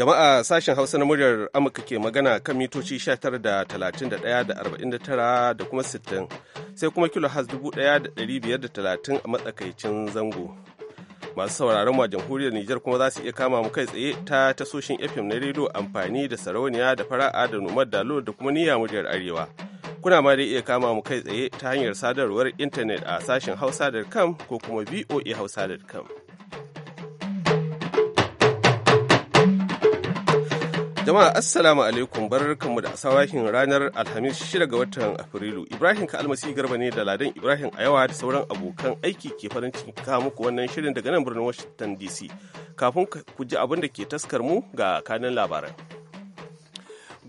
Jama'a sashen Hausa na muryar Amurka ke magana kan mitoci 19 da kuma 60 sai kuma kilo has 1530 a matsakaicin zango. Masu sauraron mu jamhuriyar Nijar kuma za su iya kama mu kai tsaye ta tasoshin FM na rediyo amfani da sarauniya da fara'a da numar dalo da kuma niyya muryar arewa. Kuna ma dai iya kama mu kai tsaye ta hanyar sadarwar intanet a sashen hausa.com ko kuma voahausa.com. Jama'a Assalamu alaikum barkanmu da sawakin ranar Alhamis 6 ga watan Afrilu. Ibrahim ka almasi Garba ne da Ladan Ibrahim a yawa da sauran abokan aiki ke farin cikin kawo muku wannan shirin daga nan birnin Washington DC. Kafin ku ji abin da ke taskar mu ga kanan labaran.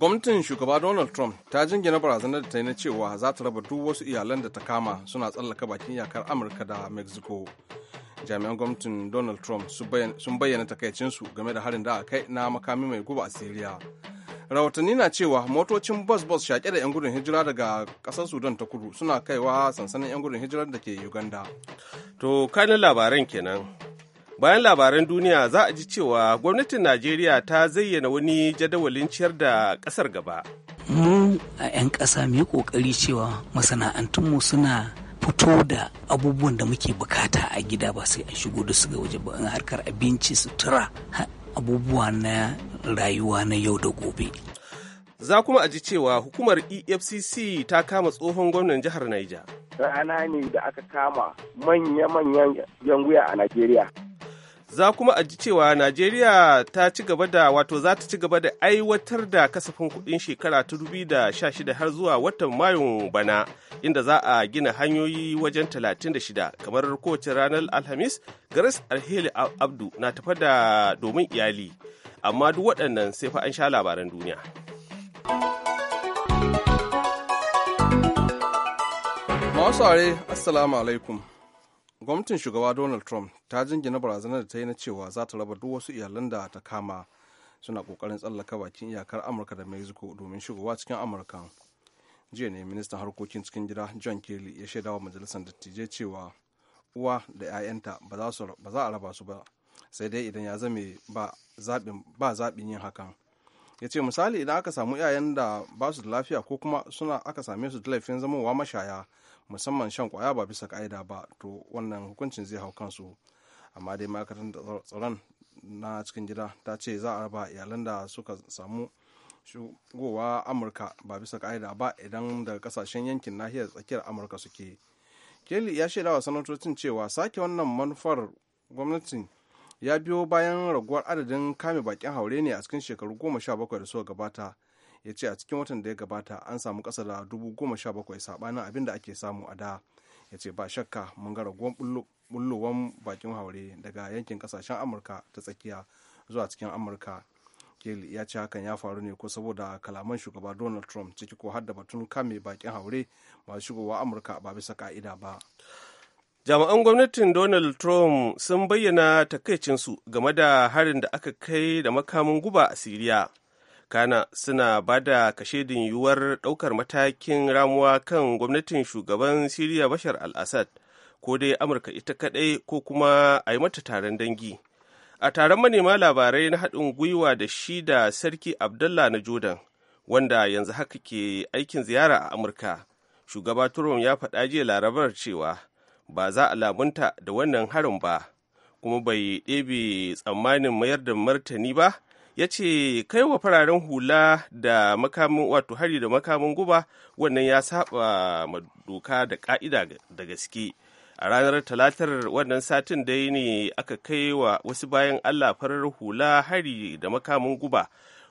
gwamnatin shugaba donald trump ta jingina barazanar da ta yi na cewa za ta raba duk wasu iyalan da ta kama suna tsallaka bakin iyakar amurka da mexico jami'an gwamnatin donald trump sun bayyana takaicinsu game da harin da aka kai na makami mai guba a syria rahotanni na cewa motocin bus bus shaƙe da 'yan gudun hijira daga ƙasar sudan ta kudu suna kaiwa sansanin 'yan gudun hijirar da ke uganda to kanin labaran kenan bayan labaran duniya za a ji cewa gwamnatin najeriya ta zayyana wani jadawalin ciyar da ƙasar gaba mu a 'yan ƙasa mai ƙoƙari cewa masana'antunmu suna fito da abubuwan da muke bukata a gida ba sai an shigo da su ga waje ba harkar abinci sutura abubuwa na rayuwa na yau da gobe za kuma a ji cewa hukumar efcc ta kama tsohon gwamnan jihar niger rana ne da aka kama manya-manyan yanguya a najeriya za kuma a ji cewa najeriya ta ci gaba da wato za ta ci gaba da aiwatar da kasafin kuɗin shekara ta shida har zuwa watan mayun bana inda za a gina hanyoyi wajen talatin da shida, kamar kowace ranar alhamis garis alheli abdu na tafa da domin iyali amma duk waɗannan sai fa an sha labaran duniya masu assalamu alaikum gwamnatin shugaba donald trump ta jingina barazanar da ta yi na cewa za ta raba duk wasu iyalan da ta kama suna kokarin tsallaka bakin iyakar amurka da mexico domin shigowa cikin amurka jiya ne ministan harkokin cikin gida john kelly ya shaidawa majalisar dattijai cewa uwa da 'ya'yanta ba za a raba su ba sai dai idan ya zame ba zaɓin yin hakan ya ce misali idan aka samu 'ya'yan da ba su da lafiya ko kuma suna aka same su da laifin zamowa mashaya musamman shan kwaya ba bisa ka'ida ba to wannan hukuncin zai hau kansu amma dai ma'aikatar tsaron na cikin gida ta ce za a raba iyalan da suka samu shigowa amurka ba bisa ka'ida ba idan daga kasashen yankin nahiyar tsakiyar amurka suke kelly ya shaidawa sanatocin cewa sake wannan manufar gwamnatin ya biyo bayan raguwar adadin kame bakin haure ne a cikin shekaru goma sha bakwai da suka gabata ya ce a cikin watan da ya gabata an samu kasa da dubu goma sha bakwai saɓanin abin da ake samu a da ya ce ba shakka mun ga raguwan bullowan bakin haure daga yankin ƙasashen amurka ta tsakiya zuwa cikin amurka kelly ya ce hakan ya faru ne ko saboda kalaman shugaba donald trump ciki ko har da batun kame bakin haure masu shigowa amurka ba bisa ka'ida ba jami'an gwamnatin donald trump sun bayyana takaicinsu game da harin da aka kai da makamin guba a siriya kana suna ba da kashedin yiwuwar ɗaukar matakin ramuwa kan gwamnatin shugaban siriya bashar al-assad ko dai amurka ita kaɗai ko kuma a yi mata taron dangi a taron manema labarai na haɗin gwiwa da shi da sarki abdullah na jordan wanda yanzu haka ke aikin ziyara a amurka shugaba trump ya faɗa jiya larabar cewa ba za a lamunta da wannan harin ba kuma bai ɗebe tsammanin mayar da martani ba ya ce kai wa fararen hula da makamin wato hari da makamin guba wannan ya saba ma doka da ka'ida da gaske a ranar talatar wannan satin dai ne aka kai wa wasu bayan allah farar hula hari da makamin guba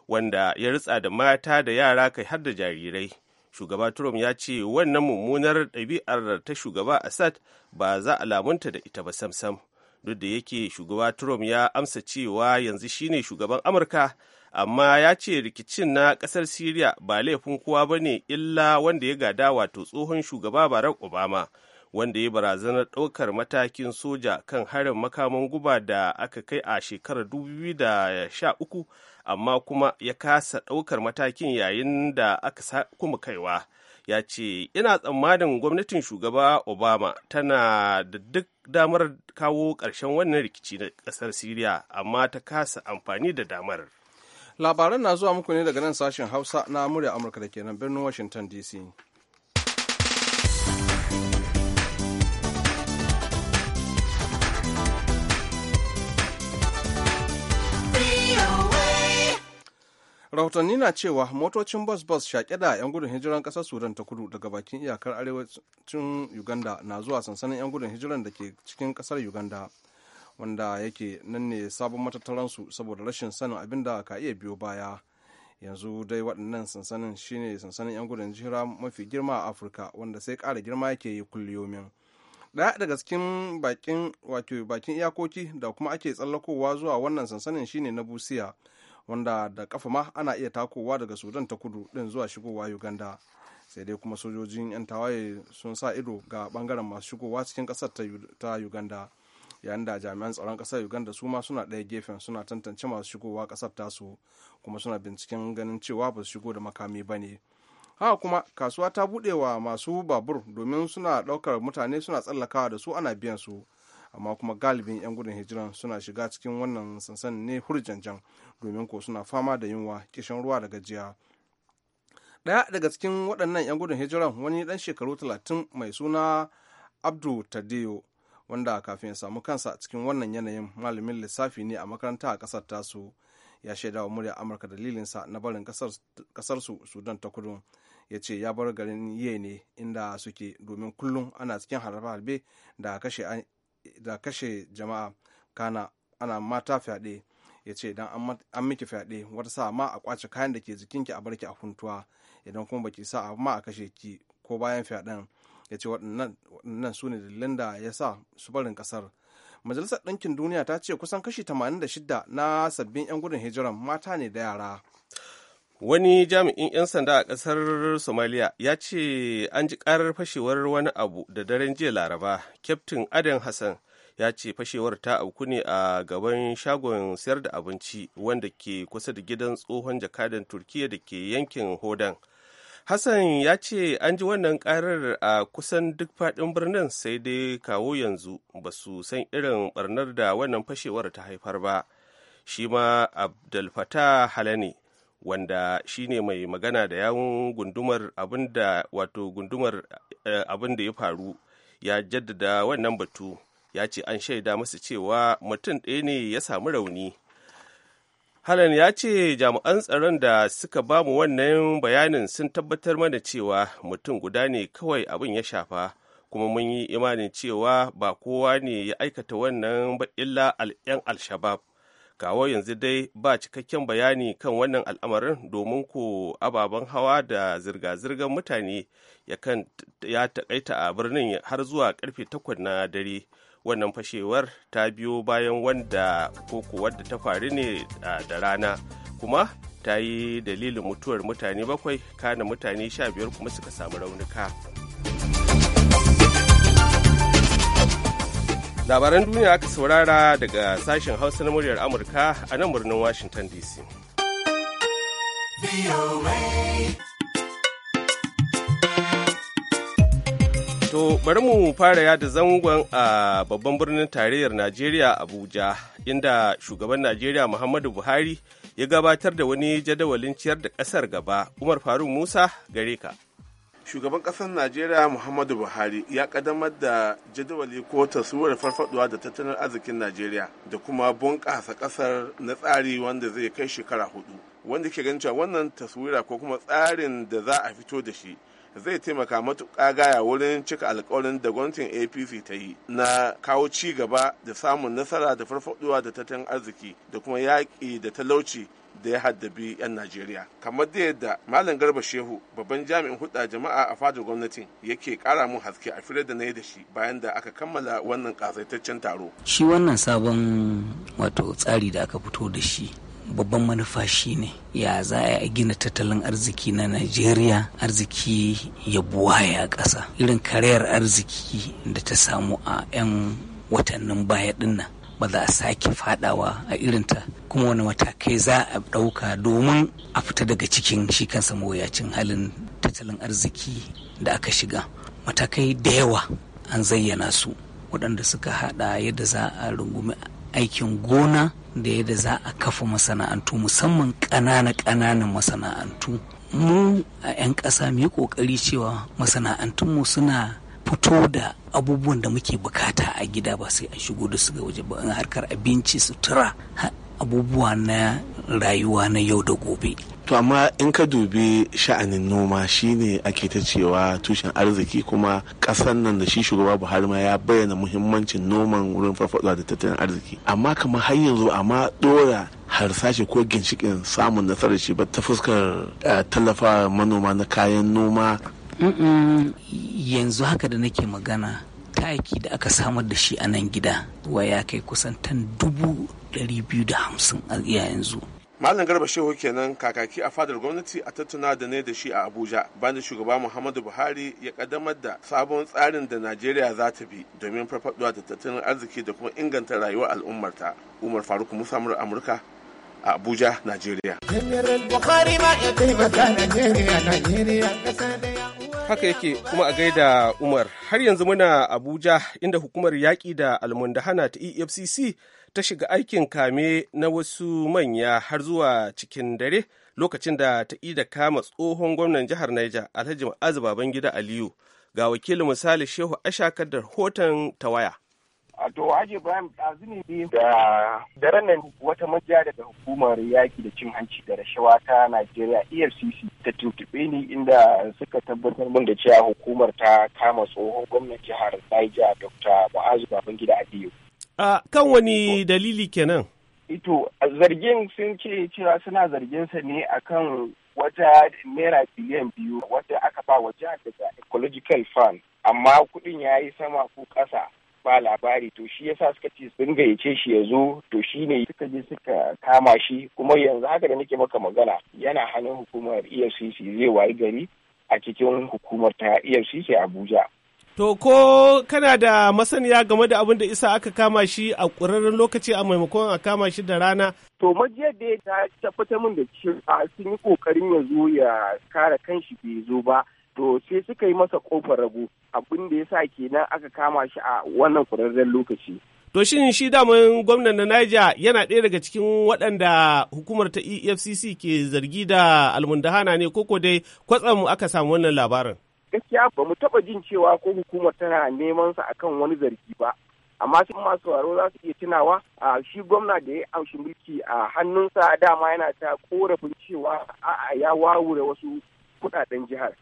wanda ya ritsa da mata da yara kai har da jarirai shugaba trump ya ce wannan mummunar ɗabi'ar ta shugaba assad ba za a lamunta da ita ba sam-sam duk da yake shugaba trump ya amsa cewa yanzu shine shugaban amurka amma ya ce rikicin na kasar syria ba laifin kowa ba ne illa wanda ya gada wato tsohon shugaba barack obama wanda ya barazanar ɗaukar matakin soja kan harin makaman guba da aka kai a shekarar 2013 amma kuma ya kasa ɗaukar matakin yayin da aka kuma kaiwa. ya ce ina tsammanin gwamnatin shugaba obama tana da duk damar kawo ƙarshen wannan rikici na ƙasar siriya amma ta kasa amfani da damar labaran na zuwa muku ne daga nan sashen hausa na murya amurka da ke nan birnin washington dc rahotanni na cewa motocin bus bus shaƙe da 'yan gudun hijiran ƙasar sudan ta kudu daga bakin iyakar arewacin uganda na zuwa sansanin 'yan gudun hijiran da ke cikin ƙasar uganda wanda yake nan ne sabon matattaransu saboda rashin sanin abin da ka iya biyo baya yanzu dai waɗannan sansanin shine sansanin 'yan gudun hijira mafi girma a afirka wanda sai ƙara girma yake yi kulliyomin ɗaya daga cikin bakin iyakoki da kuma ake tsallakowa zuwa wannan sansanin shine na busiya wanda da kafa ma ana iya takowa daga sudan ta kudu din zuwa shigowa uganda sai dai kuma sojojin 'yan tawaye sun sa ido ga bangaren masu shigowa cikin kasar ta uganda yayin da jami'an tsaron kasar uganda su ma suna ɗaya gefen suna tantance masu shigowa kasar tasu kuma suna binciken ganin cewa ba su shigo da makami ba ne haka kuma kasuwa ta buɗe wa masu babur domin suna ɗaukar mutane suna tsallakawa da su ana biyan su amma kuma galibin 'yan gudun hijiran suna shiga cikin wannan sansanin ne hurjanjan domin ko suna fama da yunwa kishin ruwa da gajiya ɗaya daga cikin waɗannan 'yan gudun hijiran wani dan shekaru 30 mai suna abdu tadeo wanda kafin ya samu kansa cikin wannan yanayin malamin lissafi ne a makaranta a ƙasar tasu ya shaida wa murya amurka dalilinsa na barin ƙasarsu sudan ta kudu ya ce ya bar garin yiye ne inda suke domin kullum ana cikin harbe-harbe da kashe da kashe jama'a kana ana mata fyaɗe ya ce idan an miki fyaɗe wata sa ma a kwace kayan da ke jikinki a barki a huntuwa idan kuma baki sa ma a kashe ki ko bayan fyaɗen ya ce waɗannan su ne dalilin da ya sa su barin ƙasar majalisar ɗinkin duniya ta ce kusan kashi 86 na sabbin 'yan gudun hijiran mata ne da yara wani jami'in 'yan sanda a ƙasar somalia ya ce an ji ƙarar fashewar wani abu da daren jiya laraba kyaftin adan hassan ya ce fashewar ta auku ne a gaban shagon sayar da abinci wanda ke kusa da gidan tsohon jakadan turkiya da ke yankin hodan hassan ya ce an ji wannan karar a kusan duk faɗin birnin sai dai kawo yanzu ba su san irin barnar da wannan fashewar ta haifar ba shi ma abdulfata halane wanda shine mai magana da yawun gundumar abin da wato gundumar eh, abin da ya faru ya jaddada wannan batu ya ce an shaida masu cewa mutum ɗaya ne ya samu rauni halan ya ce jami'an tsaron da suka ba mu wannan bayanin sun tabbatar mana cewa mutum guda ne kawai abin ya shafa kuma mun yi imanin cewa ba kowa ne ya aikata wannan ba illa al'yan al-shabab kawo yanzu dai ba cikakken bayani kan wannan al'amarin domin ko ababen hawa da zirga-zirgar mutane ya takaita a birnin har zuwa karfe takwas na dare wannan fashewar ta biyo bayan wanda koko wadda ta faru ne da rana kuma ta yi dalilin mutuwar mutane bakwai kana mutane sha biyar kuma suka samu raunuka. labaran duniya aka saurara daga sashen hausa na muryar amurka a nan birnin washington dc To bari mu fara yada zangon a babban birnin tarayyar Najeriya Abuja inda shugaban Najeriya Muhammadu Buhari ya gabatar da wani jadawalin ciyar da ƙasar gaba Umar Faruk Musa gare ka. shugaban kasar najeriya muhammadu buhari ya kaddamar da jadawali ko taswirar farfaduwa da tattalin arzikin najeriya da kuma bunƙasa kasar na tsari wanda zai kai shekara hudu wanda ke ganin cewa wannan taswira ko kuma tsarin da za a fito da shi zai taimaka matuƙa gaya wurin cika alkawarin da gwamnatin apc ta yi na kawo ci gaba da samun nasara da farfaduwa da tattalin arziki da kuma yaƙi da talauci da ya haddabi 'yan Najeriya. Kamar da yadda Malam Garba Shehu babban jami'in hudda jama'a a fadar gwamnatin yake kara mun haske a fira da na yi da shi bayan da aka kammala wannan kasaitaccen taro. Shi wannan sabon wato tsari da aka fito da shi babban manufa shi ne ya za a gina tattalin arziki na najeriya arziki ya buwaya ƙasa irin karayar arziki da ta samu a 'yan watannin baya dinnan ba za a sake fadawa a irinta kuma wani matakai za a ɗauka domin a fita daga cikin shi kansa mawuyacin halin tattalin arziki da aka shiga matakai da yawa an zayyana su waɗanda suka haɗa yadda za a rungumi aikin gona da yadda za a kafa masana'antu musamman ƙanana-ƙananan masana'antu mu a 'yan ƙasa mu yi ƙoƙari cewa masana'antunmu suna fito da abubuwan da muke bukata a gida ba sai an shigo da su ga waje ba in harkar abinci sutura abubuwa na rayuwa na yau da gobe to amma in ka dubi sha'anin noma shine ake ta cewa tushen arziki kuma ƙasar nan da shi shugaba buhari ma ya bayyana muhimmancin noman wurin farfaɗa da tattalin arziki amma kamar har yanzu amma dora harsashi ko ginshikin samun nasarar shi ba ta fuskar eh, tallafa manoma na kayan noma yanzu haka da nake magana taki da aka samar da shi a nan gida wa ya kai kusan tan dubu ɗari biyu da hamsin a yanzu Malam Garba Shehu kenan kakaki a fadar gwamnati a tattuna da ne da shi a Abuja bayan shugaba Muhammadu Buhari ya kaddamar da sabon tsarin da Najeriya za ta bi domin farfaɗuwa da tattalin arziki da kuma inganta rayuwar al'ummarta. Umar Faruk Musa Amurka a Abuja, Najeriya. Najeriya, Najeriya haka yake kuma a gaida umar har yanzu muna abuja inda hukumar yaƙi da almundahana ta efcc ta shiga aikin kame na wasu manya har zuwa cikin dare lokacin da ta da kama tsohon gwamnan jihar niger alhaji ma'azu babangida aliyu ga wakilin misali shehu ashakar da rahoton ta waya A to Haji Ibrahim ɗazu ne da daren nan wata majiya daga hukumar yaki da cin hanci da rashawa ta Najeriya EFCC ta tuntuɓe ni inda suka tabbatar min da cewa hukumar ta kama tsohon gwamnan jihar Niger Dr. Mu'azu Babangida Adiyo. A kan wani dalili kenan? Ito e zargin sun ce cewa suna zarginsa sa ne akan wata naira biliyan biyu wata aka ba wa jihar daga ecological fund amma kuɗin ya yi sama ko ƙasa ba labari to shi yasa suka ce sun gayyace shi ya zo to shi ne suka je suka kama shi kuma yanzu haka da nake maka magana yana hannun hukumar EFCC zai wayi gari a cikin hukumar ta EFCC Abuja. To ko kana da masaniya game da abin da isa aka kama shi a ƙurarren lokaci a maimakon a kama shi da rana? To majiya da ya tabbatar min da cewa sun yi ƙoƙarin ya zo ya kare kanshi bai zo ba. to sai suka yi masa kofar rago abin da ya sa kenan aka kama shi a wannan kurarren lokaci To shin shi daman gwamnan na Niger yana ɗaya daga cikin waɗanda hukumar ta EFCC ke zargi da almundahana ne koko dai kwatsam aka samu wannan labarin? Gaskiya ba mu taɓa jin cewa ko hukumar tana neman sa akan wani zargi ba. Amma sun masu waro za su iya tunawa a shi gwamna da ya amshi mulki a hannunsa dama yana ta korafin cewa a'a ya wawure wasu kuɗaɗen jihar.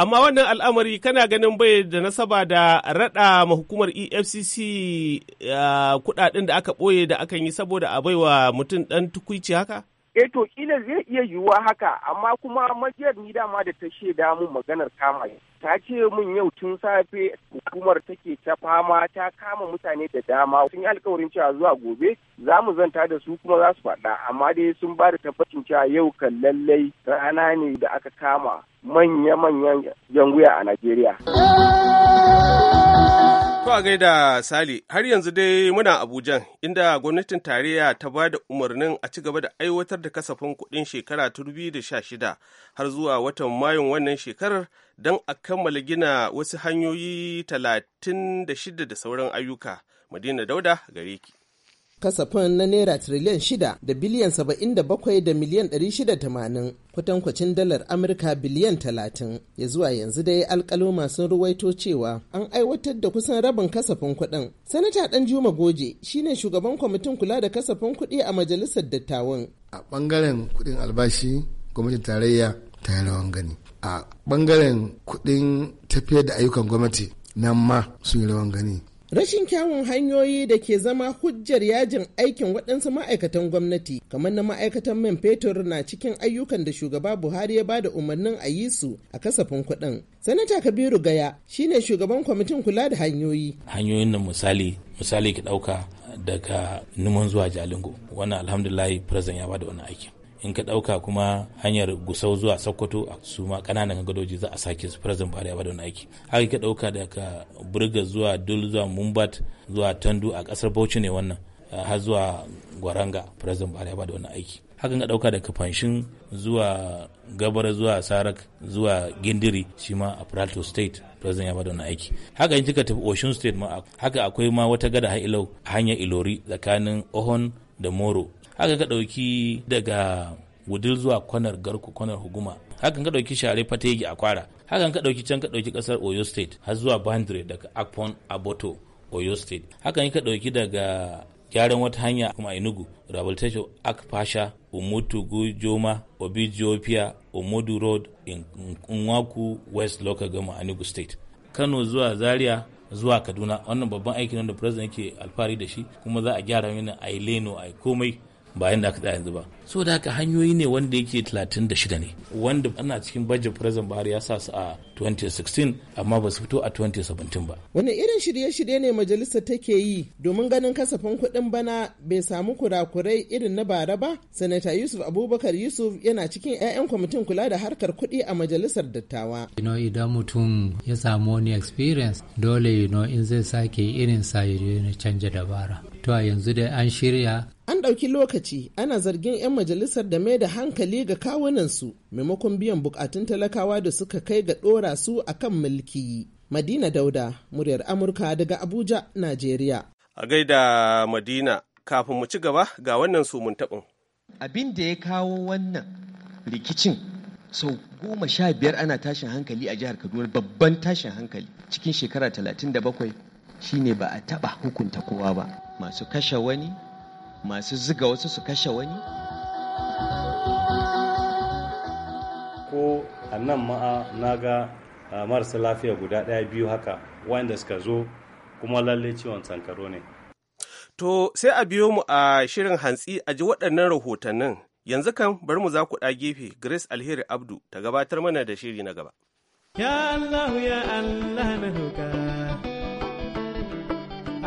amma wannan al'amari kana ganin bai da nasaba da rada ma hukumar efcc uh, kudaden da aka ɓoye da akan yi saboda a baiwa mutum ɗan tukuici haka eh to kila zai iya yiwuwa haka amma kuma majiyar ni dama da ta shaida mun maganar kama ta ce mun yau tun safe hukumar take ta fama ta kama mutane da dama sun yi alkawarin cewa zuwa gobe za mu zanta da su kuma za su faɗa amma dai sun ba da tabbacin cewa yau kan lallai rana ne da aka kama manya-manyan janguya a najeriya. ko a gaida Sali, har yanzu dai muna Abuja, inda gwamnatin tarayya ta ba da umarnin a ci gaba da aiwatar da kasafin kuɗin shekara ta 2016 har zuwa watan Mayun wannan shekarar don a kammala gina wasu hanyoyi 36 da sauran ayyuka. Madina Dauda gare ki. kasafin na naira triliyan shida da biliyan saba'in da bakwai da miliyan ɗari shida tamanin kwatankwacin dalar amurka biliyan talatin ya zuwa yanzu dai alkaloma sun ruwaito cewa an aiwatar da kusan rabin kasafin kuɗin sanata ɗan juma goje shine shugaban kwamitin kula da kasafin kuɗi a majalisar dattawan a ɓangaren kuɗin albashi gwamnatin tarayya ta yi rawan gani a ɓangaren kuɗin tafiyar da ayyukan gwamnati nan ma sun yi rawan gani Rashin kyawun hanyoyi da ke zama hujjar yajin aikin waɗansu ma'aikatan gwamnati kamar na ma'aikatan man fetur na cikin ayyukan da shugaba Buhari ya bada umarnin a yi su a kasafin kuɗin. Sanata Kabiru Gaya shine shugaban kwamitin kula da hanyoyi. Hanyoyin nan misali misali ki ɗauka daga Numan zuwa Jalingo wannan alhamdulillah president ya bada wani aikin. in ka ɗauka kuma hanyar gusau zuwa sokoto a su ma ƙananan gadoji za a sake su farazin ba da wadon aiki haka ka ɗauka daga burga zuwa dul zuwa mumbat zuwa tandu a ƙasar bauchi ne wannan har zuwa gwaranga firazin fari da wadon aiki haka ka ɗauka daga fanshin zuwa gabar zuwa sarak zuwa gindiri shi ma a prato state farazin ya da wani aiki haka in kika tafi ocean state ma haka akwai ma wata gada har ilau a hanyar ilori tsakanin ohon da moro haka ka ɗauki daga wudil zuwa kwanar garku kwanar huguma haka ka ɗauki share fategi a kwara haka ka ɗauki can ka ɗauki ƙasar oyo state har zuwa bandre daga akpon aboto oyo state haka ka ɗauki daga gyaran wata hanya kuma enugu rehabilitation akpasha umutugu joma obijiopia omodu road nwaku west local gama enugu state kano zuwa zaria zuwa kaduna wannan babban aikin wanda president yake alfahari da shi kuma za a gyara mini a a komai ba yadda aka tsaya yanzu ba so da haka hanyoyi ne wanda yake 36 ne wanda ana cikin budget present Buhari ya sa su a 2016 amma ba su fito a 2017 ba wani irin shirye-shirye ne majalisar take yi domin ganin kasafin kuɗin bana bai samu kurakurai irin na bara ba sanata Yusuf Abubakar Yusuf yana cikin 'ya'yan kwamitin kula da harkar kuɗi a majalisar dattawa you idan mutum ya samu wani experience dole you in zai sake irin sa ya canja dabara to a yanzu dai an shirya An ɗauki lokaci ana zargin 'yan majalisar da mai da hankali ga kawunansu maimakon biyan bukatun talakawa da suka kai ga ɗora su a kan mulki. Madina Dauda, muryar Amurka daga Abuja, Najeriya. A gaida Madina, kafin mu ci gaba ga wannan sumun taɓin. Abin da ya kawo wannan rikicin sau goma sha biyar ana tashin hankali a jihar Kaduna babban tashin hankali cikin shekara talatin da bakwai shine ba a taɓa hukunta kowa ba masu kashe wani masu ziga wasu su kashe wani ko a nan ma'a na ga marasa lafiya guda ɗaya biyu haka wanda suka zo kuma lalle ciwon sankaro ne to sai a biyo mu a shirin hantsi a ji waɗannan rahotannin yanzu kan bari mu za ku ɗa gefe grace alheri abdu ta gabatar mana da shiri na gaba ya allah ya allah na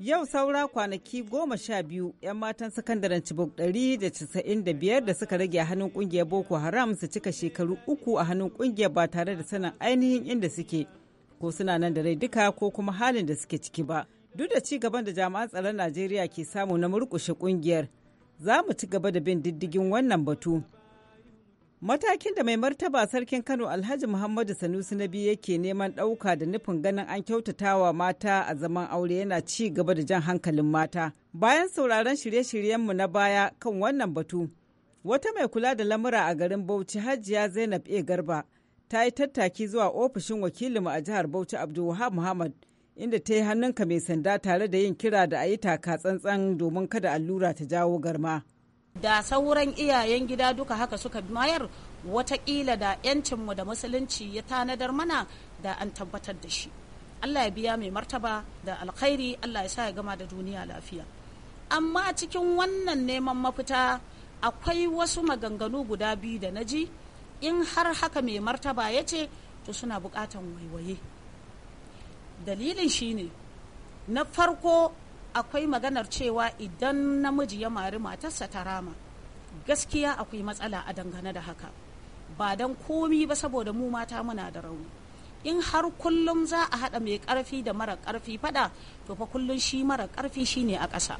Yau saura kwanaki goma sha biyu 'yan matan sakandaren Chibok 195 da da biyar suka rage a hannun ƙungiyar Boko Haram su cika shekaru uku a hannun ƙungiyar ba tare da sanin ainihin inda suke ko suna nan da rai duka ko kuma halin da suke ciki ba. Duk da ci gaban da jami'an tsaron Najeriya ke samu na murkushe ƙungiyar za mu ci gaba da bin diddigin wannan batu. Matakin da mai martaba sarkin Kano Alhaji Muhammadu Sanusi na biyu yake neman ɗauka da nufin ganin an kyautatawa mata a zaman aure yana ci gaba da jan hankalin mata. Bayan sauraron shirye-shiryenmu na baya kan wannan batu, wata mai kula da lamura a garin Bauchi Hajiya Zainab A. Garba ta yi tattaki zuwa ofishin wakilinmu a jihar Bauchi Abdulwahab Muhammad inda ta yi hannunka mai sanda tare da yin kira da a yi taka tsantsan domin kada allura ta jawo garma. da sauran iyayen gida duka haka suka mayar watakila da 'yancinmu da musulunci ya tanadar mana da an tabbatar da shi allah ya biya mai martaba da alkhairi allah ya sa ya gama da duniya lafiya amma cikin wannan neman mafita akwai wasu maganganu guda biyu da na ji in har haka mai martaba ya ce to suna bukatan waiwaye dalilin shine na farko akwai maganar cewa idan namiji ya mari matarsa ta rama gaskiya akwai matsala a dangane da haka ba don komi ba saboda mu mata muna da rauni in har kullum za a haɗa mai ƙarfi da mara ƙarfi faɗa to fa kullum shi mara ƙarfi ne a ƙasa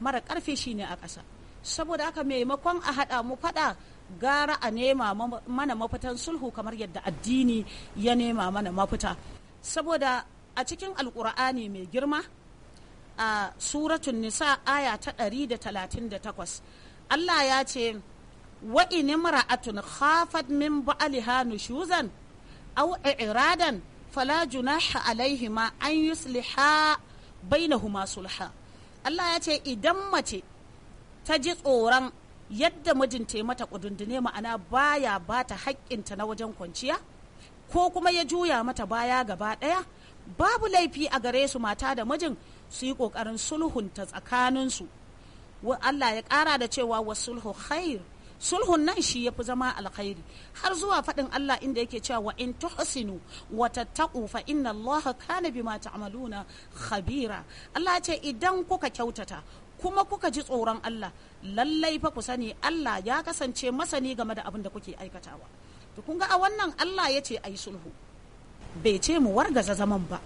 mara ƙarfi ne a ƙasa saboda haka maimakon a haɗa mu faɗa gara a nema mana mafitan sulhu kamar yadda addini ya nema mana mafita saboda a cikin al'kur'ani mai girma a suratun nisa aya ta 138 Allah ya ce wa mara'atun khafat min ba'liha nushuzan aw i'radan fala junaha alaihima an yusliha bainahuma sulha Allah ya ce idan mace ta ji tsoron yadda mijinta ya mata kudundune ma'ana baya bata haƙƙinta na wajen kwanciya ko kuma ya juya mata baya gaba ɗaya babu laifi a gare su mata da mijin su yi kokarin sulhunta tsakaninsu Allah ya kara da cewa wa sulhu khair sulhun nan shi ya fi zama alkhairi har zuwa faɗin Allah inda yake cewa wa in tuhsinu wa tattaqu fa inna Allah kana bima ta'maluna khabira Allah ce idan kuka kyautata kuma kuka ji tsoron Allah lallai fa ku sani Allah ya kasance masani game da abin da kuke aikatawa to kun ga a wannan Allah ya ce ai sulhu bai ce mu wargaza zaman ba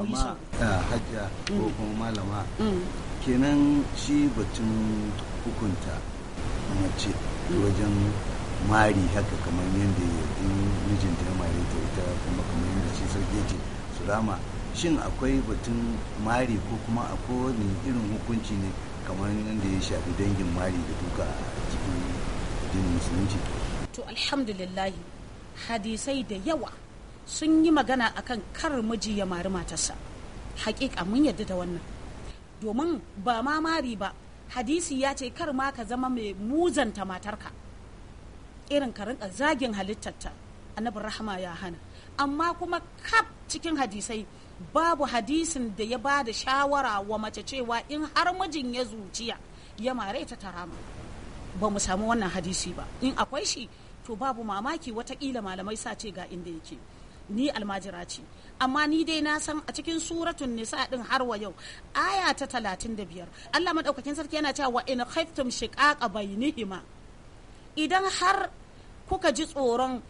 amma eh, hajja ko mm. kuma malama mm. kenan shi batun hukunta mace mm. wajen mari haka kamar yadda mijinta ya mari ta ita kuma kamar yadda shi sauke ce su rama shin akwai batun mari ko kuma akwai irin hukunci ne kamar yadda ya shafi dangin mari da duka a cikin addinin musulunci to alhamdulillah hadisai da yawa sun yi magana akan kar miji ya mari matarsa hakika mun yarda da wannan domin ba mamari ba hadisi ya ce kar ma ka zama mai muzanta matarka irin ka rinka zagin halittarta annabi rahama ya hana amma kuma kaf cikin hadisai babu hadisin da ya ba da shawara wa mace cewa in har mijin ya zuciya ya mare ta tarama ba mu samu wannan hadisi ba in akwai shi to babu mamaki watakila malamai sa ce ga inda yake ni almajira ce amma ni dai na san a cikin suratun nisa din har wa yau aya ta talatin da biyar Allah madaukakin sarki yana cewa in khaftum shiqaqa bainihima idan har kuka ji tsoron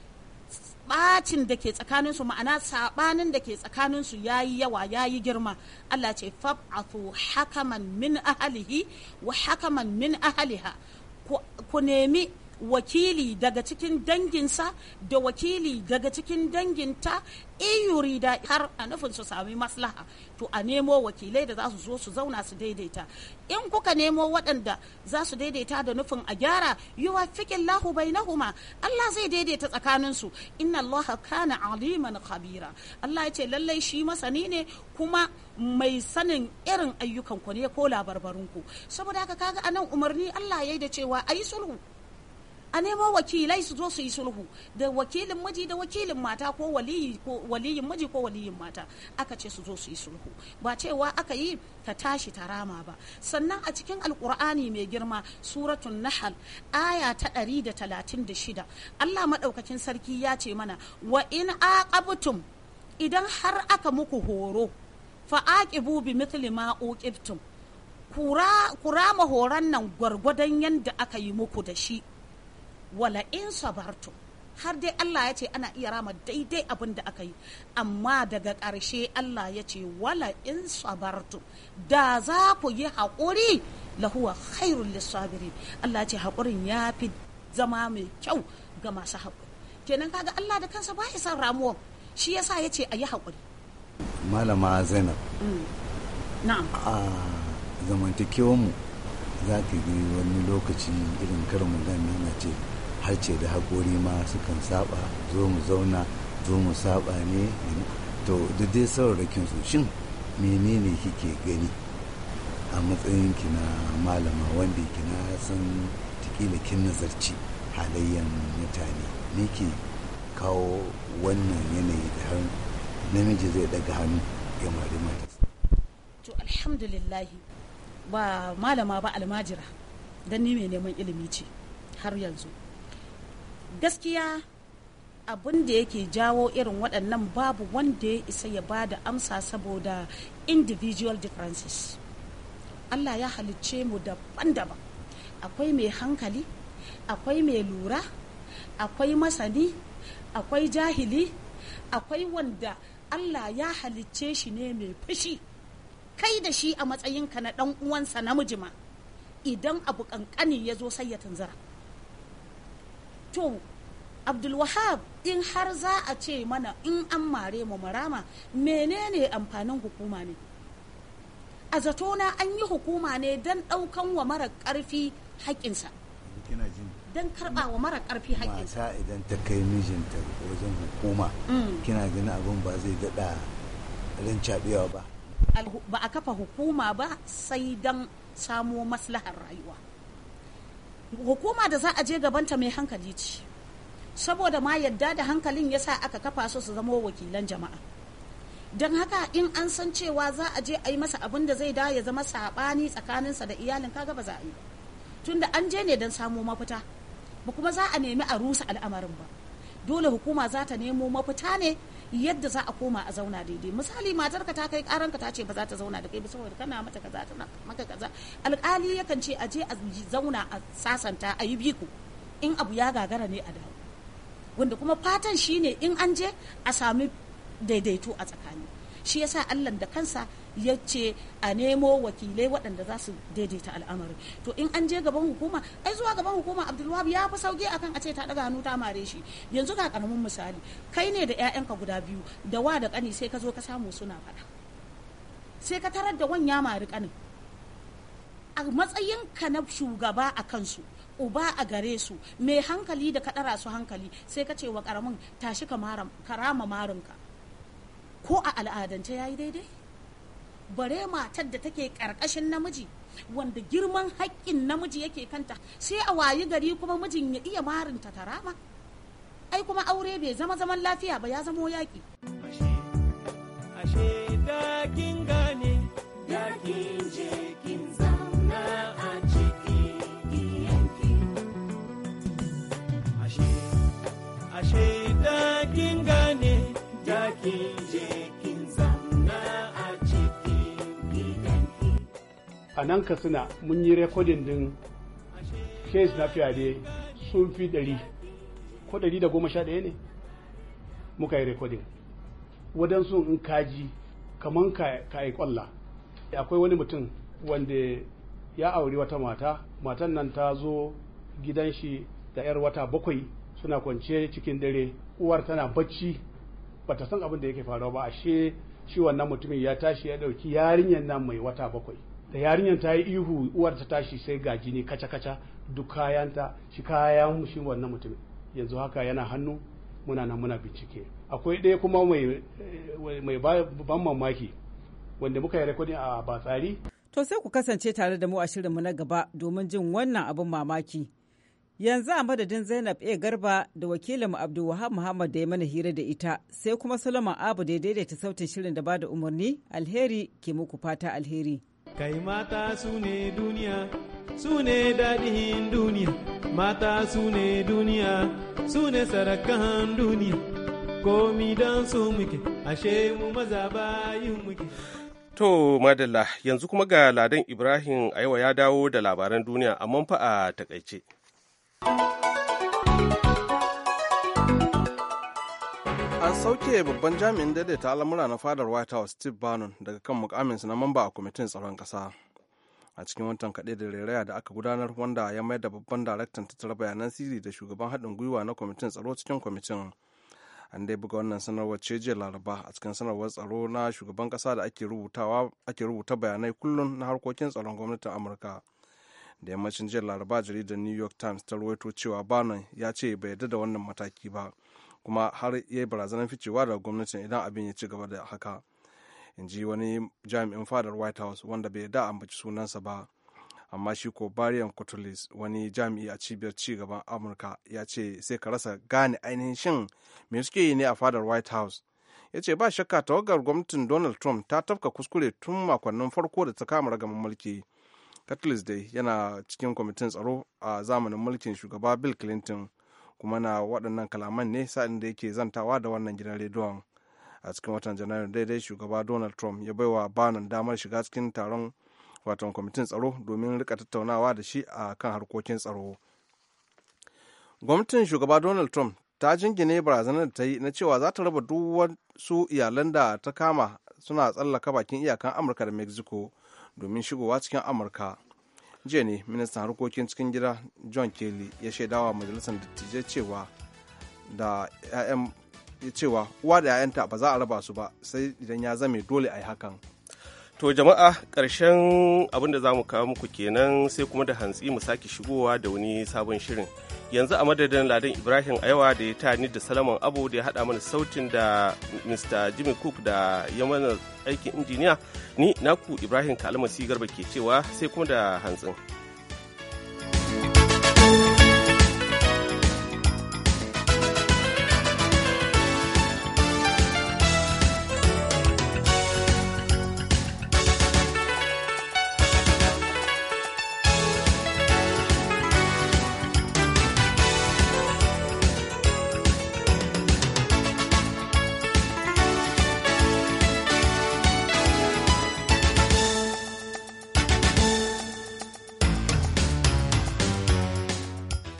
bacin da ke tsakanin su ma'ana sabanin da ke tsakanin su yayi yawa yayi girma Allah ce fab'athu hakaman min ahlihi wa hakaman min ahliha ku nemi wakili daga cikin danginsa da wakili daga cikin danginta iyuri yurida har a nufin su sami maslaha to a nemo wakilai da za su zo su zauna su daidaita in kuka nemo waɗanda za su daidaita da nufin a gyara yiwa fikin lahu bai nahuma Allah zai daidaita tsakaninsu inna Allah kana aliman khabira Allah ya ce lallai shi masani ne kuma mai sanin irin ayyukan ku ne ko labarbarinku saboda haka kaga anan umarni Allah ya yi da cewa ayi sulhu a nemo wakilai su zo su yi sulhu da wakilin miji da wakilin mata ko waliyin miji ko waliyin mata aka ce su zo su yi sulhu ba cewa aka yi ta tashi ta rama ba sannan a cikin alkur'ani mai girma suratun nahal aya ta shida Allah maɗaukakin sarki ya ce mana wa in aqabtum idan har aka muku horo fa aqibu bi mithli ma uqibtum kura kura mahoran nan gwargwadon yadda aka yi muku da shi wala in sabartu har dai Allah ya ce ana iya rama daidai abin da aka yi amma daga ƙarshe Allah ya ce wala in sabartu da za ku yi haƙuri lahuwa khairul lissabiri Allah ce haƙurin ya fi zama mai kyau ga masu haƙuri kenan kaga Allah da kansa ba son ramuwa shi yasa ya ce a yi haƙuri malama zainab mm. a zamantakewar za ka yi wani lokaci irin karin magana na ce har ce da haƙori ma sukan saba zo mu zauna zo mu saba ne to da dai saurakin su shin menene kike gani a matsayin ki na malama wanda ki san tikila kin nazarci halayyan mutane me ke kawo wannan yanayi da har namiji zai daga hannu ya mare mata to alhamdulillahi ba malama ba almajira don ni mai neman ilimi ce har yanzu gaskiya abin da yake jawo irin waɗannan babu wanda ya isa ya ba da amsa saboda individual differences allah ya halicce mu daban-daban akwai mai hankali akwai mai lura akwai masani akwai jahili akwai wanda allah ya halicce shi ne mai fushi kai da shi a matsayinka na ɗan uwansa namiji ma idan abu ƙanƙani ya zo sai ya tunzara. to abdulwahab in har za a ce mana in an mare mu marama menene amfanin hukuma ne a zatona an yi hukuma ne don ɗaukan wa mara ƙarfi haƙinsa don karɓa wa mara ƙarfi haƙinsa mata idan ta kai mijinta wajen hukuma mm. kina gani abin ba zai daɗa rincaɓewa ba ba a kafa hukuma ba sai don samo maslahar rayuwa hukuma da za a je gabanta mai hankali ce saboda ma yadda da hankalin ya sa aka kafa su su zama wakilan jama'a don haka in an san cewa za a je a yi masa abin da zai dawo ya zama saɓani tsakaninsa da iyalin kaga ba za a yi tunda an je ne don samo mafita ba kuma za a nemi a rusa al'amarin ba dole hukuma za ta nemo mafita ne yadda za a koma a zauna daidai misali matar ka ta kai ka ta ce ba za ta zauna da kai ba saboda kana mata kaza tana maka kaza yakan ce a je a zauna a sasanta a yi biku in abu ya gagara ne a dawo wanda kuma fatan shine in an je a sami daidaito a tsakani shi yasa Allah da kansa ya ce a nemo wakilai waɗanda za su daidaita al'amarin to in an je gaban hukuma ai zuwa gaban hukuma abdulwahab ya fi sauki akan a ce ta daga hannu ta mare shi yanzu ga karamin misali kai ne da 'ya'yanka guda biyu da wa da ƙani sai ka zo ka samu suna faɗa sai ka tarar da wanya mari ƙanin a matsayin ka na shugaba a kansu uba a gare su mai hankali da kaɗara su hankali sai ka ce wa ƙaramin tashi ka rama marinka ko a al'adance ya yi daidai bare matar da take karkashin namiji wanda girman haƙƙin namiji yake kanta sai a wayi gari kuma mijin ya iya marinta tarama ai kuma aure bai zama zaman lafiya ba ya zamo yaƙi ashe dakin gane dakin je kin zauna a ciki ashe dakin gane dakin a nan ka suna mun yi rekodin din kes na fiye sun fi ɗari ko ɗari da goma sha ɗaya ne muka yi rekodin wadansu in kaji kaman ka yi kwalla akwai wani mutum wanda ya auri wata mata matan nan ta zo gidan shi da 'yar wata bakwai suna kwance cikin dare uwar tana bacci bata san abin da yake faruwa ba ashe shi wannan mutumin ya tashi ya ɗauki yarinyar nan mai wata bakwai da yarinyar ta yi ihu uwar ta tashi sai ga jini kaca kaca duk kayanta shi kayan shi wannan mutum yanzu haka yana hannu muna nan muna bincike akwai ɗaya kuma mai eh, ban mamaki wanda muka yi rekodin a batsari to sai ku kasance tare da mu a shirinmu na gaba domin jin wannan abin mamaki yanzu a madadin zainab a garba da wakilin wakilinmu abdulwahab muhammad da ya mana hira da ita sai kuma solomon abu da ya daidaita sautin shirin da ba da umarni alheri ke muku fata alheri kai mata su ne duniya su ne daɗin duniya mata su ne duniya su ne sarakan duniya komi don su muke ashe mu maza bayin muke To madalla yanzu kuma ga ladan Ibrahim a ya dawo da labaran duniya amma fa a takaice. sauke babban jami'in daidaita al'amura na fadar white house steve bannon daga kan mukaminsa na mamba a kwamitin tsaron kasa a cikin watan kaɗe da rairaya da aka gudanar wanda ya mayar da babban daraktan tattara bayanan siri da shugaban haɗin gwiwa na kwamitin tsaro cikin kwamitin an dai buga wannan sanarwar ce jiya laraba a cikin sanarwar tsaro na shugaban kasa da ake rubutawa ake rubuta bayanai kullum na harkokin tsaron gwamnatin amurka da yammacin jiya laraba jaridar new york times ta ruwaito cewa bannon ya ce bai yarda da wannan mataki ba kuma har ya yi barazanar ficewa daga gwamnatin idan abin ya ci gaba da haka in ji wani jami'in fadar white house wanda bai da ambaci sunansa ba amma shi ko barian kutulis wani jami'i a cibiyar ci gaban amurka ya ce sai ka rasa gane ainihin shin me suke yi ne a fadar white house ya ce ba shakka tawagar gwamnatin donald trump ta tafka kuskure tun makonnin farko da ta kama ragaman mulki Catholics dai yana cikin kwamitin tsaro a zamanin mulkin shugaba Bill Clinton kuma na waɗannan kalaman ne sa'in da yake zantawa da wannan gidan rediyon a cikin watan janairu daidai shugaba donald trump ya baiwa banan damar shiga cikin taron watan kwamitin tsaro domin rika tattaunawa da shi a kan harkokin tsaro gwamnatin shugaba donald trump ta jingine barazanar da ta yi na cewa za ta raba duk wasu iyalan da ta kama suna tsallaka bakin iyakan amurka da mexico domin shigowa cikin amurka jiya ne ministan harkokin cikin gida john kelly ya shaidawa majalisar dattijai cewa da 'ya'yan cewa uwa da 'ya'yanta ba za a raba su ba sai idan ya zame dole a yi hakan to jama'a karshen abin da za mu kawo muku kenan sai kuma da hantsi mu sake shigowa da wani sabon shirin yanzu a madadin ladin ibrahim ayawa da ya tani da salaman abu da ya haɗa mana sautin da mr jimmy cook da ya mana aikin injiniya ni naku ibrahim kalmasi garba ke cewa sai kuma da hantsin.